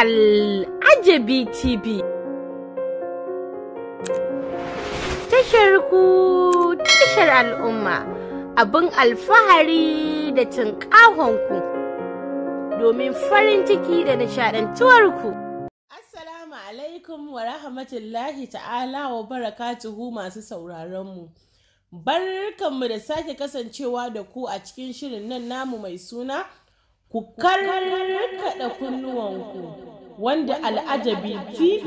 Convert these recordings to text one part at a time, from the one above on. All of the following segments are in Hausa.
Al'ajabi TV. Tashar ku tashar al'umma abin alfahari da ku domin farin ciki da ku. Assalamu alaikum wa rahmatullahi ta'ala wa barakatuhu masu sauraron sauraronmu. Barkanmu da sake kasancewa da ku a cikin shirin nan namu mai suna. ku karkaɗa kunnuwanku wanda al'ajabi tv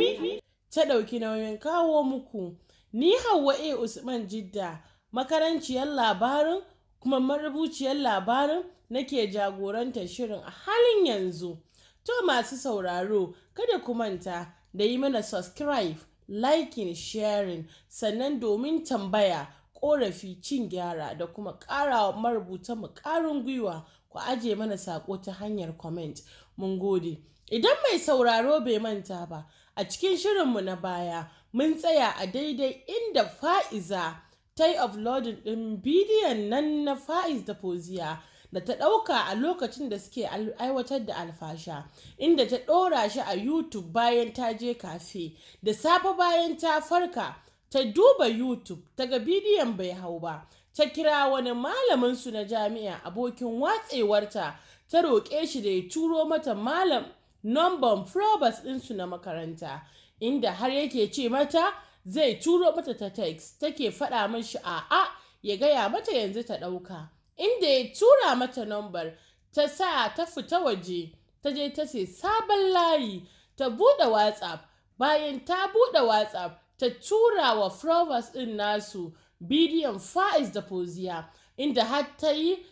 ta ɗauki nauyin kawo muku ni hawa a usman jidda makaranciyar labarin kuma marubuciyar labarin nake jagoranta shirin a halin yanzu to masu sauraro kada ku manta da yi mana subscribe liking sharing sannan domin tambaya ƙorafi cin gyara da kuma ƙara marubuta mu ƙarin gwiwa ku aje mana saƙo ta hanyar comment mun gode idan mai sauraro bai manta ba a cikin shirin mu na baya mun tsaya a daidai inda fa'iza ta yi uploading din bidiyon nan na fa'iz da foziya da ta ɗauka a lokacin da suke aiwatar da alfasha inda ta ɗora shi a youtube bayan ta je kafe da safe bayan ta farka ta duba youtube ta ga bidiyon bai hau ba ta kira wani malaminsu na jami'a abokin watsewarta ta roƙe shi da ya turo mata malam nomban probus ɗinsu na makaranta inda har yake ce mata zai turo mata ta text take faɗa mashi a'a ya gaya mata yanzu ta ɗauka inda ya tura mata nombar ta sa ta fita waje ta je ta sai sabon layi ta buɗe whatsapp bayan ta buɗe whatsapp ta tura wa Provost ɗin nasu bidiyon Fa'iz da Foziya inda har ta yi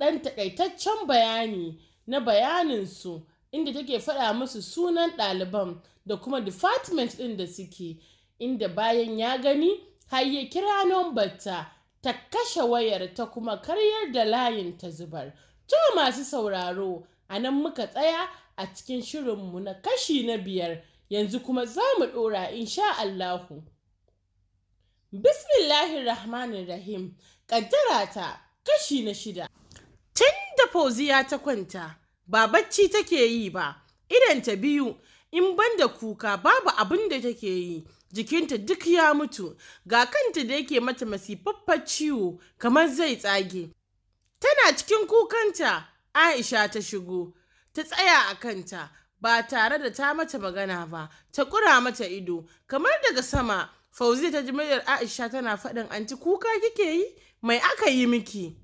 ɗan takaitaccen bayani na bayaninsu inda take faɗa musu sunan ɗaliban da kuma department ɗin da suke inda bayan ya gani har ya kira nombata ta kashe wayar ta kuma karyar da layin ta zubar. To masu sauraro a nan muka tsaya a cikin shirinmu na kashi na biyar yanzu kuma za mu ɗora insha Allahu. Bismillahir Rahmanir Rahim, ƙaddara ta kashi na shida. Tun da fauziya ta kwanta, ba bacci take yi ba, ta biyu, in banda kuka babu abin da take yi, jikinta duk ya mutu, ga kanta da yake mata masifaffar ciwo kamar zai tsage. Tana cikin kukanta, Aisha ta shigo, ta tsaya a kanta, ba tare da ta mata magana ba, ta ƙura mata ido, kamar daga sama. Fauzi ta ji muryar Aisha tana faɗin anti kuka kike yi mai aka yi miki.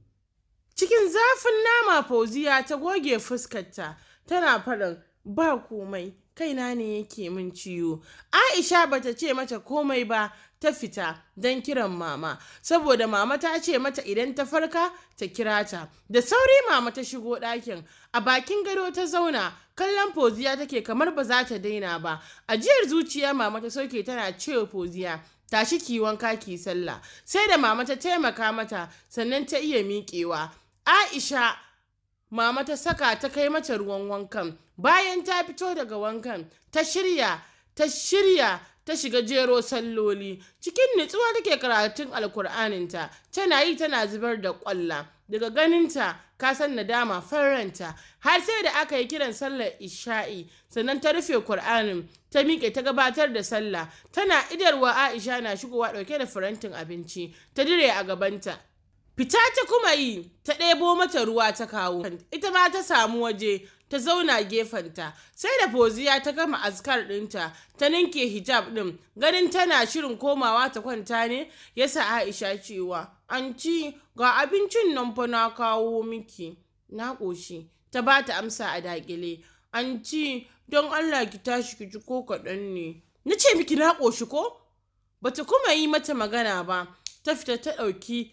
Cikin zafin nama Fauziya ta goge fuskarta tana faɗin ba komai kaina ne yake min ciwo. Aisha bata ce mata komai ba ta fita don kiran mama saboda mama ta ce mata idan ta farka ta kira ta da sauri mama ta shigo ɗakin a bakin gado ta zauna kallon foziya take kamar ba za ta daina ba ajiyar zuciya mama ta soke tana cewa foziya tashi ki wanka ki sallah sai da mama ta taimaka mata sannan ta iya miƙewa aisha mama ta saka ta kai mata ruwan wankan bayan ta fito daga wankan ta shirya ta shirya ta shiga jero salloli cikin nutsuwa take karatun alkur'aninta tana yi tana zubar da kwalla daga ganinta ka san nadama faranta har sai da aka yi kiran sallar isha'i sannan ta rufe kur'anin ta miƙe ta gabatar da sallah tana idarwa aisha na shigowa ɗauke da farantin abinci ta dire a gabanta fita ta kuma yi ta ɗebo mata ruwa ta kawo ita ma ta samu waje ta zauna gefenta sai da foziya ta gama askar ɗinta ta ninke hijab ɗin ganin tana shirin komawa ta kwanta ne ya sa aisha cewa ci, ga abincin nan fa na kawo miki na ƙoshi ta ba ta amsa a daƙile ci, don allah ki tashi ki ji ko kaɗan ne na ce miki na ƙoshi ko bata kuma yi mata magana ba ta fita ta ɗauki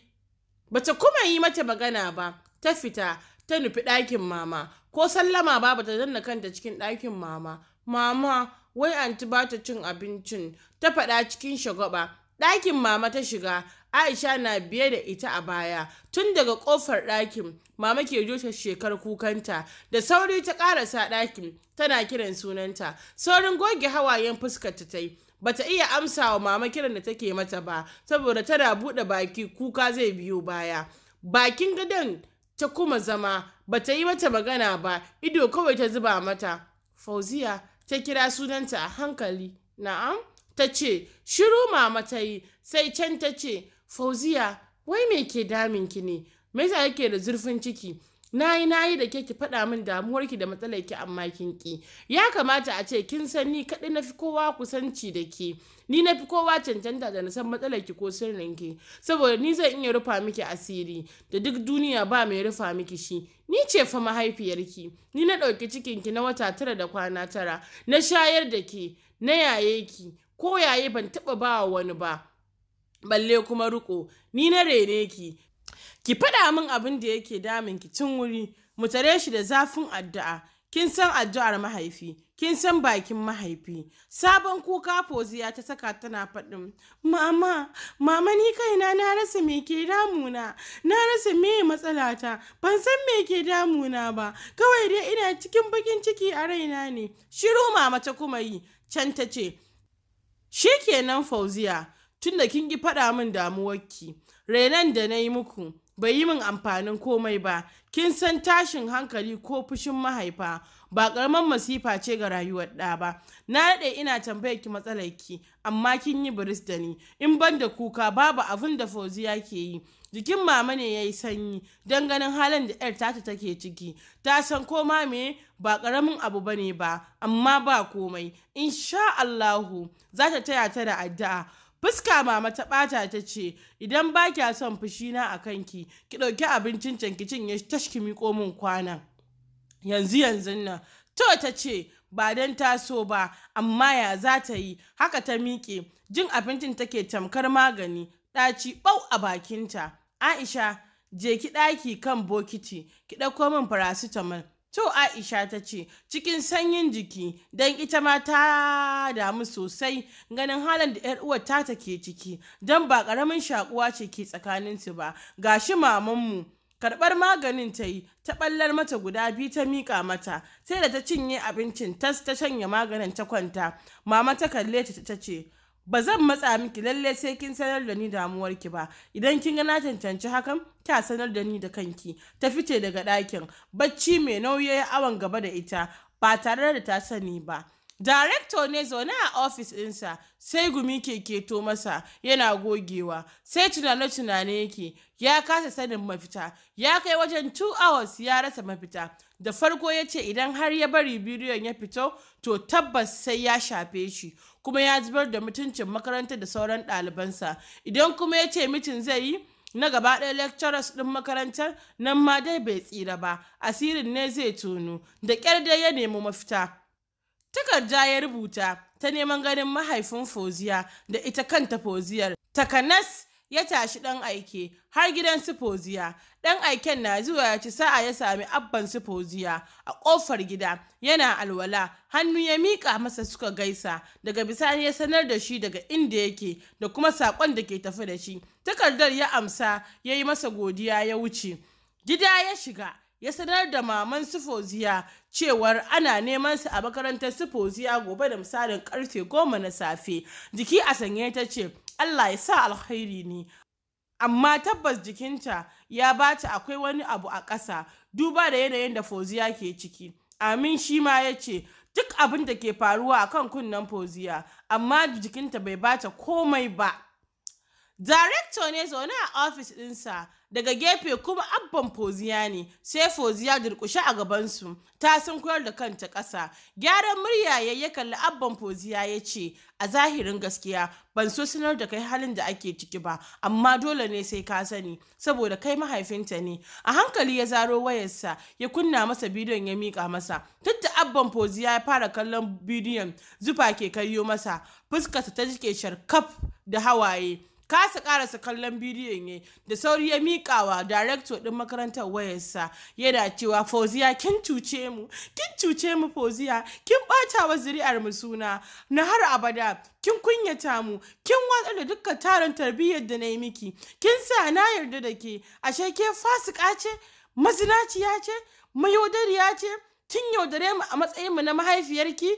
bata kuma yi mata magana ba ta fita ta nufi ɗakin mama ko sallama babu ta danna kanta cikin ɗakin mama mama wai anti ba ta cin abincin ta faɗa cikin shagwaba ɗakin mama ta shiga aisha na biye da ita a baya tun daga ƙofar ɗakin mama ke jota shekar kukanta da sauri ta ƙarasa ɗakin tana kiran sunanta saurin goge hawayen fuskar ta ta yi bata iya amsa wa mama kiran da take mata ba saboda tana buɗe baki kuka zai biyo baya bakin gadon ta kuma zama ba ta yi mata magana ba ido kawai ta zuba mata fauziya ta kira sunanta a hankali na'am ta ce shiru mama ta yi sai can ta ce fauziya wai me ke daminki ne me yake da zurfin ciki Na yi da ke ki faɗa min damuwarki da matsalar ki amma kin ki ya kamata a ce kin san ni kaɗai na fi kowa kusanci da ke ni na fi kowa cancanta da na san matsalar ki ko sirrin ki saboda ni zan iya rufa miki asiri da duk duniya ba mai rufa miki shi ni ce fa mahaifiyarki ni na ɗauki cikin ki na wata tara da kwana tara na shayar da ke na yaye ki ko yaye ban taɓa ba wani ba balle kuma riko ni na rene ki Ki faɗa min abin da yake damun ki cin wuri, mu tare shi da zafin addu'a. Kin san addu'ar mahaifi, kin san bakin mahaifi. Sabon kuka Foziya ta saka tana faɗin, Mama, mama ni kaina na rasa me ke damuna, na rasa me matsalata, ban san me ke damuna ba, kawai dai ina cikin bakin ciki a raina ne. Shiru mama ta kuma yi, can ta ce, Shikenan Fauziya, tunda kin yi faɗa min damuwarki renon da na yi muku bai yi min amfanin komai ba kin san tashin hankali ko fushin mahaifa ba karamar masifa ce ga rayuwar ɗa ba na daɗe ina tambayar ki matsalar ki amma kin yi biris da ni in ban da kuka babu abin da fauziya yake yi jikin mama ne ya yi sanyi don ganin halin da yar tata take ciki ta san koma me ba karamin abu bane ba amma ba komai insha Allahu za ta taya ta da addu'a Fuska mama ta ɓata ta ce, idan ba kya son na a kanki, ki ɗauki abincin can ki ya tashki miƙo min kwana Yanzu yanzu nan, to ta ce, ba don so ba, amma ya za ta yi, haka ta miƙe, jin abincin take tamkar magani, ɗaci ɓau a bakinta. Aisha, je ki ɗaki kan bokiti, ki ɗauko min farasitamol, To Aisha ta ce cikin sanyin jiki don ita ma ta damu sosai ganin halin da 'yar uwar ta ke ciki don ba ƙaramin shakuwa ce ke tsakaninsu ba Ga gashi mamanmu karɓar maganin ta yi ta ɓallar mata guda biyu ta miƙa mata sai da ta cinye abincin tas ta shanya maganin ta kwanta mama ta kalle ta ta ce ba zan matsa miki lalle sai kin sanar da ni damuwar ki ba idan kin ga na cancanci hakan ta sanar da ni da kanki ta fice daga ɗakin bacci mai nauyi ya awon gaba da ita ba tare da ta sani ba Director ne zaune a ofis ɗinsa sai gumi ke keto masa yana gogewa sai tunane-tunane yake ya kasa sanin mafita ya kai wajen 2 hours ya rasa mafita da farko ya ce idan har ya bari bidiyon ya fito to tabbas sai ya shafe shi kuma ya zubar da mutuncin makaranta da sauran ɗalibansa idan kuma ya ce mitin zai yi na gaba ɗaya lecturers ɗin makarantar nan ma dai bai tsira ba asirin ne zai tono da ƙyar dai ya nemi mafita takarda ya rubuta ta neman ganin mahaifin foziya da ita kanta foziyar takanas ya tashi ɗan aike har gidan sifoziya ɗan aiken na zuwa ya ci sa'a ya sami abban sifoziya a ƙofar gida yana alwala hannu ya miƙa masa suka gaisa daga bisani ya sanar da shi daga inda yake da kuma saƙon da ke tafi da shi takardar ya amsa ya yi masa godiya ya wuce gida ya shiga ya sanar da maman sifoziya cewar ana neman su a makarantar sifoziya gobe da misalin karfe goma na safe jiki a sanye ta ce Allah ya sa alkhairi ne amma tabbas jikinta ya bata akwai wani abu a ƙasa duba da yanayin da foziya ke ciki amin shi ma ya ce duk abin da ke faruwa a kan kunnen foziya amma jikinta bai bata komai ba Director ne zaune a ofis ɗinsa daga gefe kuma abban Foziya ne sai Foziya durƙushe a gabansu ta koyar da kanta ƙasa. Gyaran murya ya ya kalli abban Foziya ya ce a zahirin gaskiya ban so sanar da kai halin da ake ciki ba amma dole ne sai ka sani saboda kai mahaifinta ne. A hankali ya zaro wayarsa ya kunna masa bidiyon ya mika masa. Tunda abban Foziya ya fara kallon bidiyon zufa ke karyo masa fuskarsa ta jike sharkaf da hawaye. kasa karasa kallon bidiyon ya da sauri ya mikawa darekto din makarantar wayarsa yana cewa fauziya kin cuce mu kin cuce mu fauziya kin bata wa zuri'ar mu suna na har abada kin kunyata mu kin watsar da dukkan tarin tarbiyyar da na yi miki kin sa na yarda da ke ashe ke fasika ce mazinaciya ce mayaudariya ce kin yaudare mu a matsayin mu na mahaifiyarki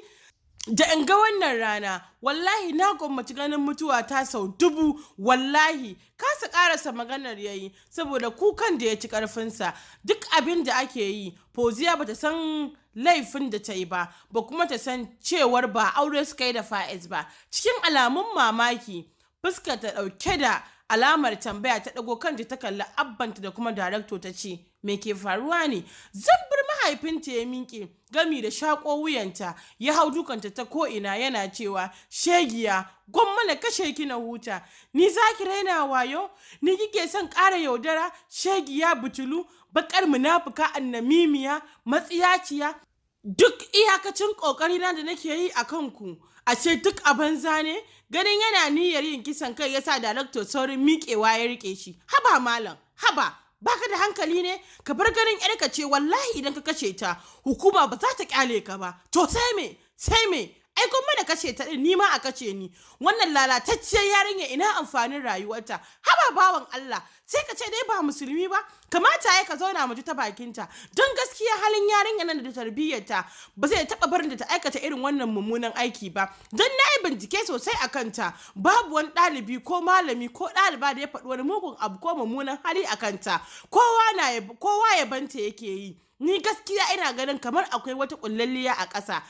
da in ga wannan rana wallahi na gwammaci ganin mutuwa ta sau dubu wallahi kasa karasa maganar ya yi saboda kukan da ya ci karfinsa duk abin da ake yi poziya bata san laifin da ta yi ba ba kuma ta san cewar ba aure suka yi da fa'iz ba cikin alamun mamaki fuska ta dauke da alamar tambaya ta dago kanta ta kalli abbanta da kuma darakto ta ce me ke faruwa ne Zan bar mahaifinta ya miƙe. gami da shaƙo wuyanta ya hau dukanta ta ko'ina yana cewa shegiya gwamma na kashe ki na huta ni za ki raina wayo ni kike son ƙara yaudara shegiya butulu baƙar munafuka annamimiya matsiyaciya duk iyakacin ƙoƙarina da nake yi a kanku a ce duk a banza ne ganin yana niyyar yin kisan kai yasa darakto saurin miƙewa ya riƙe shi haba malam haba baka da hankali ne ka bar ganin ka ce wallahi idan ka kashe ta hukuma ba za ta kyale ka ba to sai me sai me ai kuma mana kace ta ni ma a kace ni wannan lalatacciyar yarinya ina amfanin rayuwarta haba bawan Allah sai ka ce dai ba musulmi ba kamata ya ka zauna mu ji ta bakinta don gaskiya halin yarinya nan da tarbiyyarta ba zai taba barin da ta aikata irin wannan mummunan aiki ba don na yi bincike sosai a kanta babu wani ɗalibi ko malami ko ɗaliba da ya faɗi wani mugun abu ko mummunan hali a kanta kowa na kowa yabanta yake yi ni gaskiya ina ganin kamar akwai wata kullalliya a ƙasa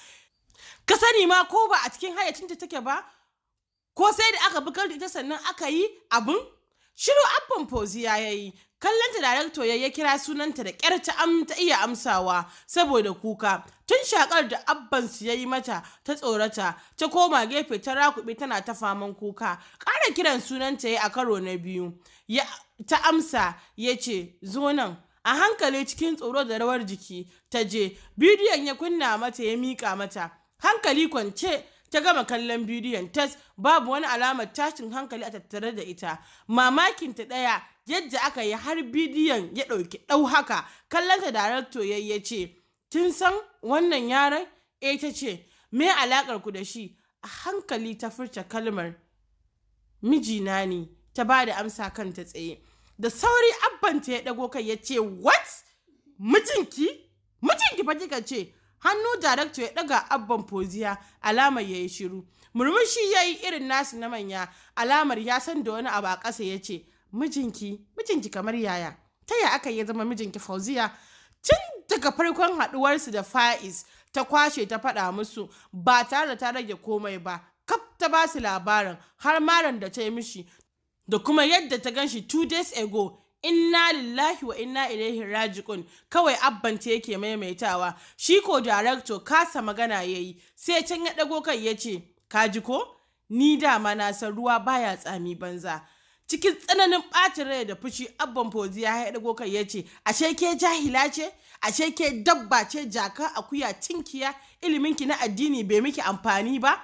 ka sani ma ko ba a cikin ta take ba ko sai da aka bi da ita sannan aka yi abin shiru abban foziya ya yi kallonta darakto ya kira sunanta da kyar ta ta iya amsawa saboda kuka tun shakar da abban ya yi mata ta tsorata ta koma gefe ta rakuɓe tana ta faman kuka ƙara kiran sunanta ya a karo na biyu ta amsa ya ce zo nan a hankali cikin tsoro da rawar jiki ta je bidiyon ya kunna mata ya miƙa mata hankali kwance ta gama kallon bidiyon tas babu wani alamar tashin hankali a tattare da ita mamakin ta daya yadda aka yi har bidiyon ya ɗauki ɗau haka kallon ta darakto ya ce tun san wannan yaran? E, eh, ta ce me alakar ku da shi a hankali ta furta kalmar mijina ne ta ba da amsa kanta tsaye da sauri abbanta ya ɗago kai ya ce what mijinki mijinki fa kika ce hannu director ya daga abban foziya alamar ya yi shiru murmushi ya yi irin nasu na manya alamar ya san da wani abu a ƙasa ya ce mijinki mijinki kamar yaya ta ya aka ya zama mijinki fauziya tun daga farkon haɗuwarsu da fa'is ta kwashe ta faɗa musu ba tare da ta rage komai ba kaf ta ba su labarin har maran da ta yi mishi da kuma yadda ta ganshi shi two days ago inna lillahi wa inna ilaihi raji'un kawai abbanta yake maimaitawa shi ko director kasa magana yayi sai can ya dago kai yace kaji ko ni dama na san ruwa baya tsami banza cikin tsananin ɓacin rai da fushi abban fozi ya haɗa kai ya ce ashe ke jahila ce ashe ke dabba ce jaka akuya tinkiya iliminki na addini bai miki amfani ba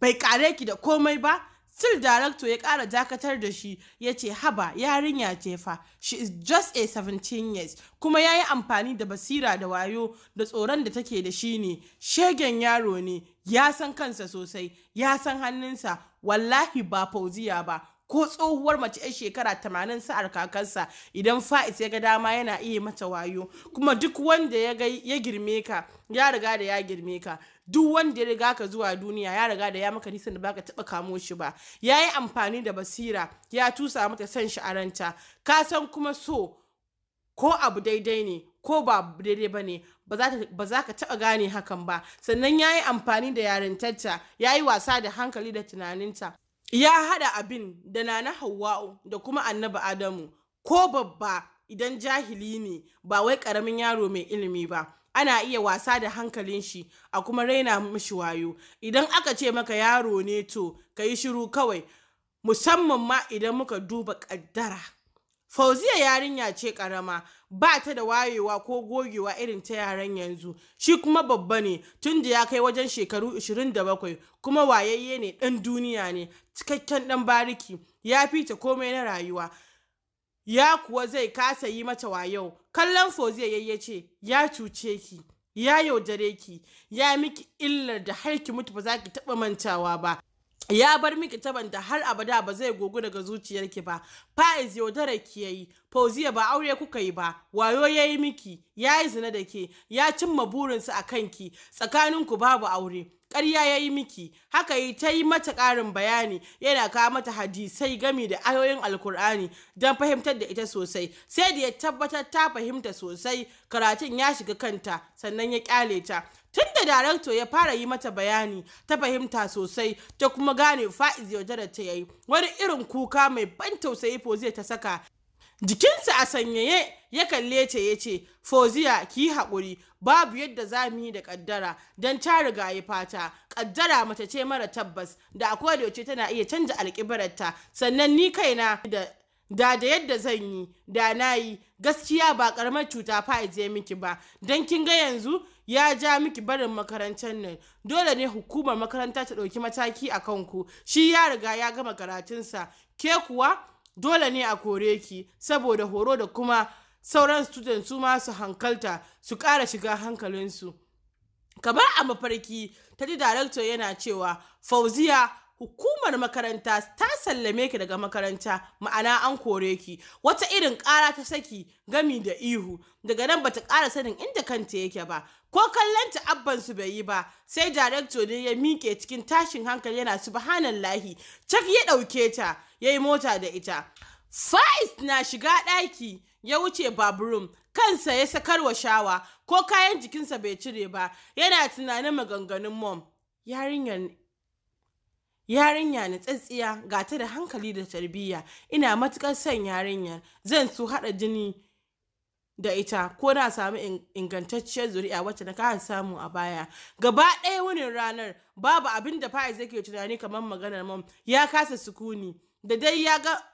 bai kare ki da komai ba Still Director ya ƙara dakatar da shi ya ce haba yarinya ce fa she is just a 17 years kuma ya yi amfani da basira da wayo da tsoron da take da shi ne shegen yaro ne ya san kansa sosai ya san hannunsa wallahi ba fauziya ba ko tsohuwar mace 'yar shekara tamanin sa'ar kakarsa idan fa'is ya ga dama yana iya mata wayo kuma duk wanda ya girme ka ya riga da ya girme ka duk wanda ya riga ka zuwa duniya ya riga da ya maka nisan da baka taba kamo shi ba ya yi amfani da basira ya tusa mata san sha'aranta ka san kuma so ko abu daidai ne ko ba daidai ba ne ba za ka taɓa gane hakan ba sannan ya yi amfani da yarintarta ya yi wasa da hankali da tunaninta ya hada abin da na hawa'u da kuma annabi adamu ko babba idan jahili ne ba wai karamin yaro mai ilimi ba ana iya wasa da hankalin shi a kuma raina mishi wayo idan aka ce maka yaro ne to ka yi shiru kawai musamman ma idan muka duba ƙaddara. Fauziya yarinya ce karama, ba ta da wayewa ko gogewa irin ta yaran yanzu, shi kuma babba ne tun da ya kai wajen shekaru 27 kuma wayayye ne ɗan duniya ne, cikakken ɗan bariki, ya fita komai na rayuwa. Ya kuwa zai kasa yi mata wayau, kallon Fauziya yayyace ya cuce ki, ya yaudare ki, ya miki illar da har ki mutu ba za ki taɓa mantawa ba. ya bar miki tabanta har abada ba zai gogu daga zuciyarki ba fa'iz yaudara ki yayi fauziya ba aure kuka yi ba wayo ya yi miki ya yi zina da ke ya cimma burinsa a kanki tsakaninku babu aure ƙarya ya yi miki haka yi ta yi mata ƙarin bayani yana kawo mata hadisai gami da ayoyin alkur'ani don fahimtar da ita sosai sai da ya tabbatar ta fahimta sosai karatun ya shiga kanta sannan ya ƙyale ta tun da darakto ya fara yi mata bayani ta fahimta sosai ta kuma gane fa'iz da ta yayi wani irin kuka mai ban tausayi fozia ta saka jikinsa a sanyaye ya kalle ta ya ce foziya ki yi haƙuri babu yadda za mu yi da kaddara don ta riga yi fata kaddara mace ce mara tabbas da akwai da tana iya canza alkibararta sannan ni kaina da da da yadda zan yi da na yi gaskiya ba karamar cuta fa ya miki ba don kin ga yanzu ya ja miki barin makarantar nan dole ne hukumar makaranta ta ɗauki mataki a kanku shi ya riga ya gama karatunsa ke kuwa dole ne a kore ki saboda horo da kuma sauran student su masu su hankalta su ƙara shiga hankalinsu kamar a mafarki ta ji director yana cewa fauziya hukumar makaranta ta sallame ki daga makaranta ma'ana an kore ki wata irin ƙara ta saki gami da ihu daga nan bata ƙara sanin inda kanta yake ba ko kallonta abban su bai yi ba sai director ne ya miƙe cikin tashin hankali yana subhanallahi cak ya ɗauke ta ya yi mota da ita faiz na shiga ɗaki ya wuce baburum kansa ya wa shawa ko kayan jikinsa bai cire ba yana tunanin maganganun mom yarinya na tsatsiya gata da hankali da tarbiyya ina matukar son yarinyar zan su haɗa jini da ita ko na samu ingantacciyar zuri'a wacce na kasa samu a baya gaba ɗaya wani ranar babu abinda da fa'iz yake tunani kamar maganar mom ya kasa sukuni da dai ya ga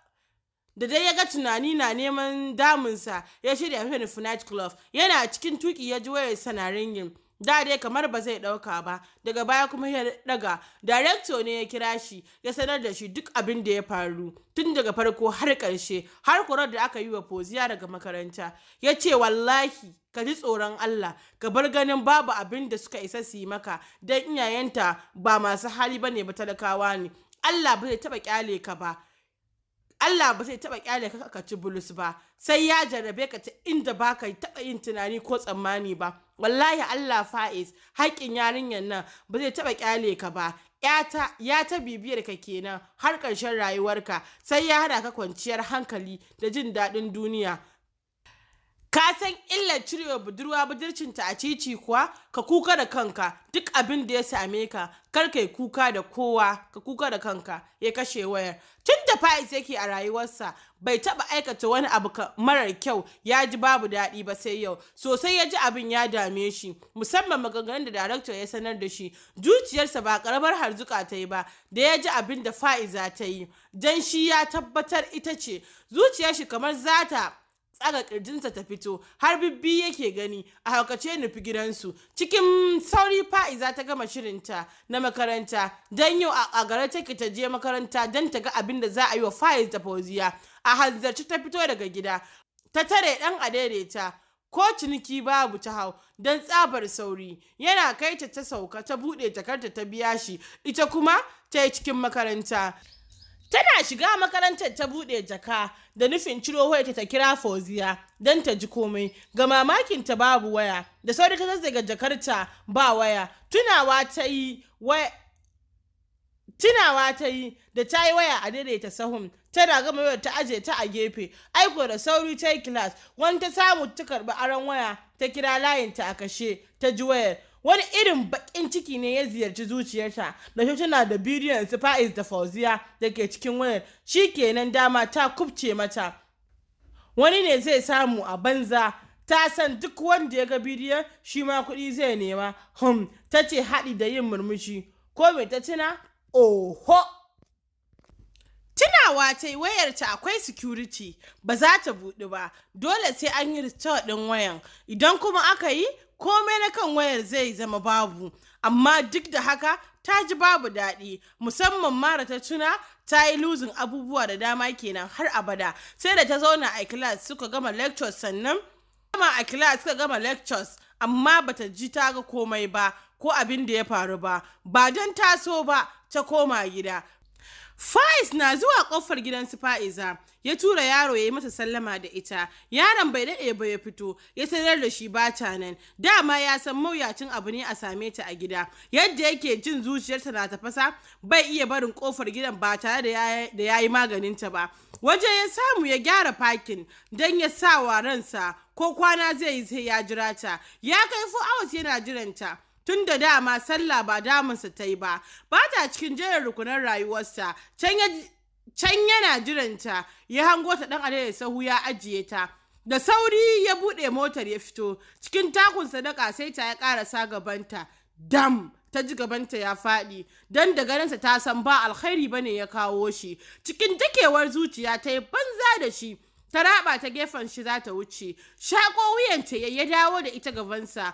da dai ya ga tunani na neman damunsa ya shirya fin Fnatic Club yana cikin tuki ya ji wayar sana ringin da dai kamar ba zai ɗauka ba daga baya kuma ya daga darekto ne ya kira shi ya sanar da shi duk abin da ya faru tun daga farko har karshe har kurar da aka yi wa poziya daga makaranta ya ce wallahi ka ji tsoron Allah ka bar ganin babu abin da suka isa su yi maka don iyayenta ba masu hali bane ba talakawa ne Allah ba zai taɓa ƙyale ka ba Allah ba zai taɓa kyale ka ka ci bulus ba sai ya jarrabe ka ta inda ba ka taɓa yin tunani ko tsammani ba wallahi Allah fa'iz haƙƙin yarinyar nan ba zai taɓa kyale ka ba yata ya ta bibiyar ka kenan har ƙarshen rayuwarka sai ya hana ka kwanciyar hankali da jin daɗin duniya Ka san illar cirewa budurwa budurcinta a cici kuwa ka kuka da kanka duk abin da ya same ka kar kai kuka da kowa ka kuka da kanka ya kashe wayar. Tun da Faiz yake a rayuwarsa bai taba aikata wani abu marar kyau ya ji babu daɗi ba sai yau sosai ya ji abin ya dame shi musamman maganganun da darakta ya sanar da shi zuciyarsa ba karamar harzuka ta yi ba da ya ji abin da fa'iza ta yi don shi ya tabbatar ita ce zuciyar shi kamar zata tsaga kirjinsa ta fito har bibbi yake gani a haukace nufi gidansu cikin sauri fa'iza ta gama shirinta na makaranta don yau a gare take ta je makaranta don ta ga abin da za a yi wa fa'iz ta fauziya a hanzarci ta fito daga gida ta tare dan adaidaita ko ciniki babu ta hau don tsabar sauri yana kai ta ta sauka ta buɗe takarta ta biya shi ita kuma ta yi cikin makaranta Tana shiga makarantar ta buɗe jaka da nufin ciro wayarta ta kira Foziya don ta ji komai. Ga mamakin ta babu waya, da sauri ta zazzaga jakarta ba waya. Tunawa ta yi Tunawa ta da ta yi waya a daidai ta sahun tana gama wayar ta aje ta a gefe aiko da sauri ta yi kilas wani ta samu ta karɓi aron waya ta kira layinta a kashe ta ji wayar wani irin bakin ciki ne ya ziyarci zuciyarta da tana da bidiyon su fa'iz da fauziya da ke cikin wayar shi kenan dama ta kubce mata wani ne zai samu a banza ta san duk wanda ya ga bidiyon shi ma kuɗi zai nema hum ta ce haɗi da yin murmushi ko mai ta tuna oho tunawa ta yi wayarta akwai security ba za ta buɗu ba dole sai an yi restore ɗin wayan idan kuma aka yi komai na kan wayar zai zama babu amma duk da haka ta ji babu daɗi musamman mara ta tuna ta yi luzin abubuwa da dama kenan har abada sai da ta zauna a class suka gama lectures sannan kama a class suka gama lectures amma bata ji ta ga komai ba ko abin da ya faru ba ba don taso ba ta koma gida Faiz na zuwa kofar gidan su Fa'iza ya tura yaro ya yi mata sallama da ita. Yaron bai daɗe ba ya fito ya sanar da shi bata nan. Dama ya san mawuyacin abu ne a same ta a gida. Yadda yake jin zuciyarta na tafasa bai iya barin kofar gidan ba tare da ya yi maganin ta ba. Waje ya samu ya gyara fakin don ya sa wa ransa ko kwana zai yi sai ya jira ta. Ya kai fu awas yana jiranta. tun da dama sallah ba damunsa ta yi ba ba ta cikin jerin rukunan rayuwarsa can yana jiranta ya hango ta dan adai sahu ya ajiye ta da sauri ya buɗe motar ya fito cikin takun sadaka sai ta ya sa gabanta dam ta ji gabanta ya faɗi don da ganinsa ta san ba alkhairi ba ne ya kawo shi cikin takewar zuciya ta yi banza da shi ta raba ta gefen shi za ta wuce shaƙo wuyanta ya dawo da ita gabansa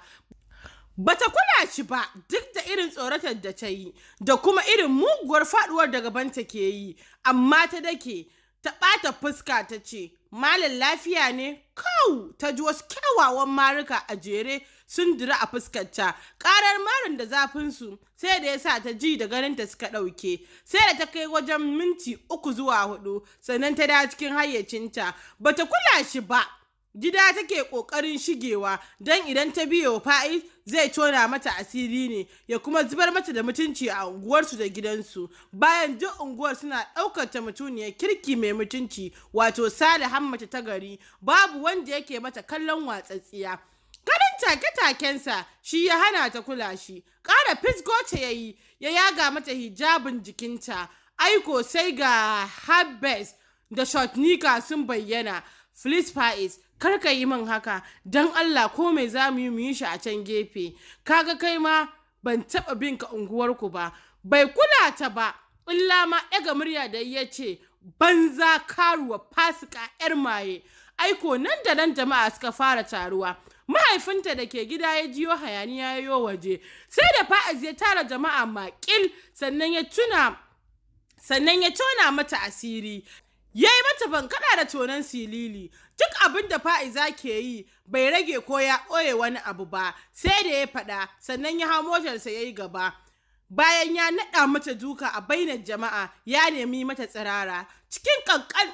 Bata kula shi ba duk da irin tsoratar da ta yi da kuma irin muguwar faduwar da gabanta ke yi, amma ta dake ta ɓata fuska ta ce, Malam lafiya ne, kawu ta ji wasu kyawawan maruka a jere sun dira a fuskarta. ƙarar marin da zafinsu sai da ya sa ta ji da ganinta suka ɗauke, sai da ta kai wajen minti uku zuwa hudu, sannan ta da cikin hayyacinta, bata kula shi ba. Gida take ƙoƙarin shigewa don idan ta biyo fai zai tona mata asiri ne ya kuma zubar mata da mutunci a unguwarsu da gidansu bayan duk unguwar suna ɗaukar ta mutuniyar kirki mai mutunci wato sada hammata ta gari babu wanda yake mata kallon watsatsiya ganin take-takensa shi ya hana ta kula shi ƙara fisgoce ya yi ya yaga mata hijabin jikinta aiko sai ga habes da shotnika sun bayyana Felice Faiz kar ka yi min haka don Allah ko mai za mu yi mu yi shi a can gefe kaga kai ma ban taɓa bin ka unguwarku ba bai kula ta ba illa ma ga murya da ya ce banza karuwa fasika yar maye aiko nan da nan jama'a suka fara taruwa mahaifinta da ke gida ya jiyo hayaniya ya yo waje sai da fa'az ya tara jama'a makil sannan ya tuna sannan ya tona mata asiri ya yi mata kada da tonon silili duk abin da fa'iza ke yi bai rage ko ya ɓoye wani abu ba sai da ya faɗa sannan ya hau motarsa ya yi gaba bayan ya naɗa mata duka a bainar jama'a ya nemi mata tsirara cikin kankan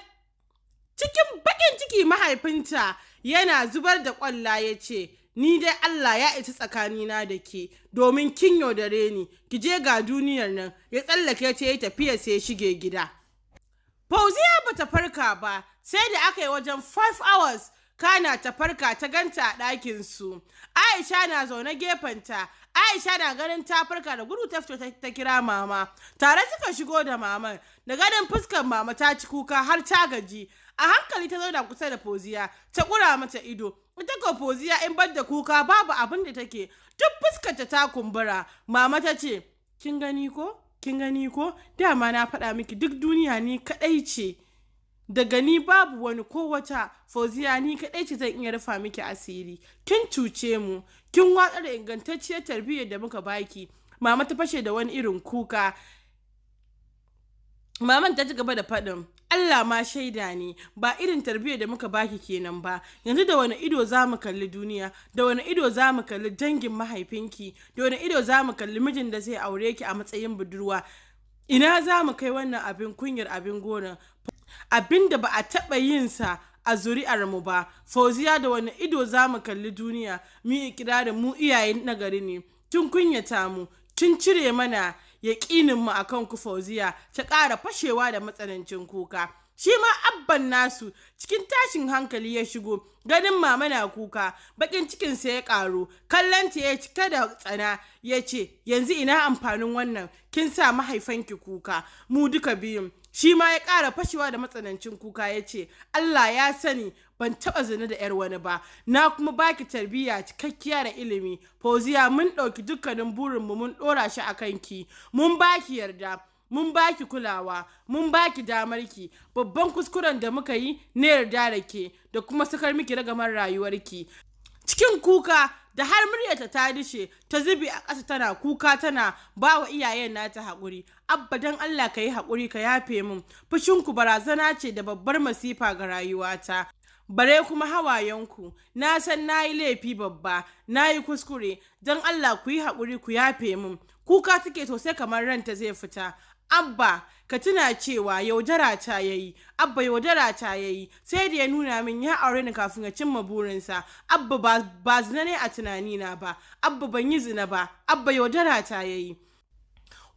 cikin baƙin ciki mahaifinta yana zubar da ƙwalla ya ce ni dai Allah ya isa tsakanina da ke domin kin yaudare ni ki je ga duniyar nan ya tsallake ta ya tafiya sai shige gida Fauziya ba ta farka ba sai da aka yi wajen 5 hours kana ta farka ta ganta a ɗakinsu. Aisha na zaune gefenta, Aisha na ganin ta farka da gudu ta fito ta kira mama. Tare suka shigo da maman, da ganin fuskar mama ta ci kuka har ta gaji. A hankali ta zauna kusa da Fauziya, ta ƙura mata ido. Ita ko Fauziya in bar da kuka babu abin da take, duk fuskarta ta kumbura. Mama ta ce, kin gani ko? kin gani ko dama na faɗa miki duk duniya ni kaɗai ce daga ni babu wani ko wata fauziya ni kaɗai ce zan iya rufa miki asiri kin cuce mu kin watsa da ingantacciyar tarbiyyar da muka baki mama ta fashe da wani irin kuka maman ta ci gaba da faɗin Allah ma shaida ne ba irin tarbiyyar da muka baki kenan ba yanzu da wani ido za mu kalli duniya da wani ido za mu kalli dangin mahaifinki da wani ido za mu kalli mijin da zai aure ki a matsayin budurwa ina za mu kai wannan abin kunyar abin gona abin da ba a taɓa yin sa a zuri'ar mu ba fauziya da wani ido za mu kalli duniya mu ikirarin mu iyayen nagari ne tun kunyata mu tun cire mana yaƙininmu a kan ku fauziya ta ƙara fashewa da matsanancin kuka shi ma abban nasu cikin tashin hankali ya shigo ganin mama na kuka bakin cikinsa ya ƙaru ta ya cika da tsana ya ce yanzu ina amfanin wannan kin sa mahaifanki kuka mu duka biyun shi ma ya ƙara fashewa da matsanancin kuka ya ce allah ya sani ban taɓa zina da yar wani ba na kuma baki tarbiyya cikakkiya da ilimi fauziya mun ɗauki dukkanin burinmu mun ɗora shi a kanki mun baki yarda mun baki kulawa mun baki damar ki. babban kuskuren da muka yi na yarda da ke da kuma sakar miki ragamar rayuwarki cikin kuka da har muryarta ta dishe ta zubi a ƙasa tana kuka tana bawa wa iyayen nata haƙuri abba don Allah ka yi haƙuri ka yafe min fushinku barazana ce da babbar masifa ga rayuwata bare kuma hawayenku na san na yi laifi babba na yi kuskure don Allah ku yi haƙuri ku yafe min kuka take sosai kamar ranta zai fita abba ka tuna cewa yaudara ta ya yi abba yaudara ta ya yi sai da ya nuna min ya aure ni kafin ya cimma burinsa abba ba zina ne a tunanina ba abba ban yi zina ba abba yaudara ta ya yi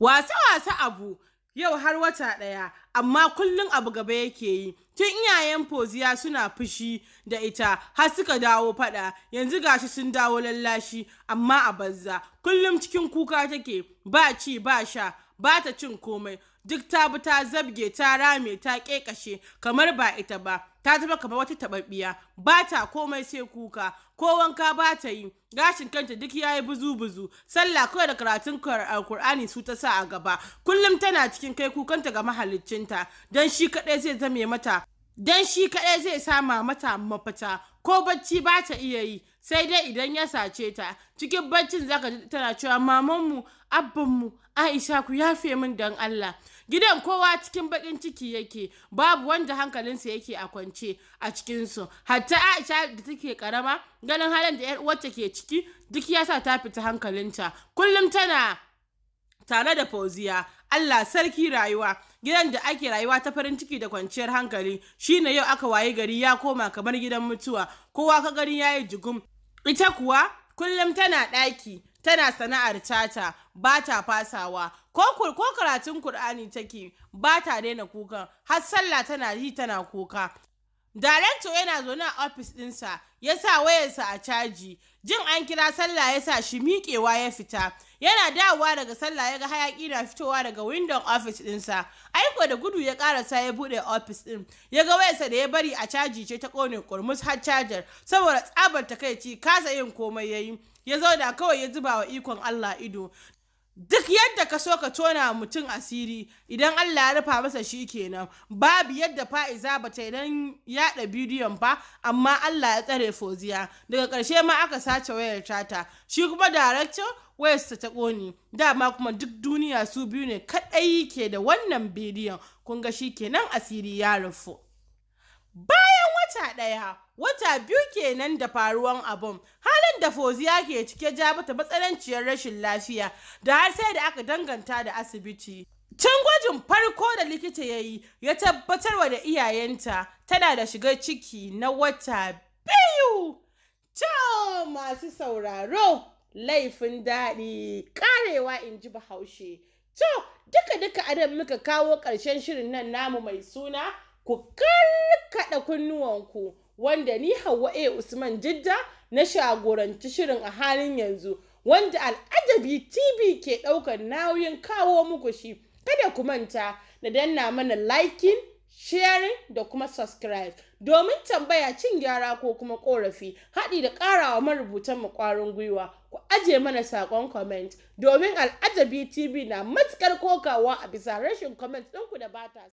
wasa-wasa abu yau har wata ɗaya amma kullum abu gaba yake yi tun iyayen foziya suna fushi da ita har suka dawo fada yanzu gashi sun dawo lallashi amma a banza kullum cikin kuka take ba ci ba sha ba ta cin komai duk ta bi ta zabge ta rame ta ƙeƙashe kamar ba ita ba ta zama kamar wata taɓaɓɓiya ba ta komai sai kuka ko wanka ba ta yi gashin kanta duk yayi buzu buzu sallah kawai da karatun alkur'ani su ta sa a gaba kullum tana cikin kai kukanta ga mahaliccinta dan shi kaɗai zai zame mata dan shi kaɗai zai sama mata mafita ko bacci ba ta iya yi sai dai idan ya sace ta cikin baccin zaka tana cewa mamanmu abbanmu aisha ku yafe min dan allah gidan kowa cikin bakin ciki yake babu wanda hankalinsa yake a kwance a cikinsu hatta aisha da take karama ganin halin da 'yar uwarta ke ciki duk ya sa ta fita hankalinta kullum tana tare da fauziya Allah sarki rayuwa gidan da ake rayuwa ta farin ciki da kwanciyar hankali shine yau aka wayi gari ya koma kamar gidan mutuwa kowa ka gari yayi jigum ita kuwa kullum tana ɗaki tana sana'ar tata ba ta fasawa ko karatun Kur'ani take ba ta daina kuka har sallah tana yi tana kuka Darekto yana zaune a ofis ɗinsa ya sa wayarsa a caji, jin an kira sallah ya sa shi miƙewa ya fita, yana dawowa daga sallah ya ga hayaƙi na fitowa daga windon ofis ɗinsa, aiko da gudu ya ƙarasa ya buɗe ofis ɗin, ya ga wayarsa da ya bari a caji ce ta ƙone ƙurmus har cajar, saboda tsabar takaici kasa yin komai yayi. ya zauna kawai ya zuba wa ikon Allah ido duk yadda ka so ka tona mutum asiri idan Allah ya rufa masa shi kenan babu yadda fa'iza ba ta idan yaɗa bidiyon ba amma Allah ya tsare foziya daga karshe ma aka sace wayar tata shi kuma director wayarsa ta ƙoni dama kuma duk duniya su biyu ne kaɗai ke da wannan bidiyon kun ga shi kenan asiri ya rufu bayan wata ɗaya wata biyu kenan da faruwan abun halin da foziya ke cike ja mata matsananciyar rashin lafiya da har sai da aka danganta da asibiti Can gwajin farko da likita ya yi ya tabbatarwa da iyayenta tana da shiga ciki na wata biyu. Ta masu sauraro laifin daɗi ƙarewa in ji bahaushe. To, duka-duka adam muka kawo ƙarshen shirin nan namu mai suna ku kalkada kunnuwanku wanda ni Hauwa A Usman Jidda na shagoranci shirin a halin yanzu wanda Al'ajabi TV ke ɗaukar nauyin kawo muku shi. Kada ku manta da danna mana liking, sharing da kuma subscribe domin tambaya cin gyara ko kuma korafi haɗi da ƙarawa marubutan mu ƙwarin gwiwa ku aje mana saƙon comment domin Al'ajabi TV na matuƙar kokawa a bisa rashin comment ɗinku da bata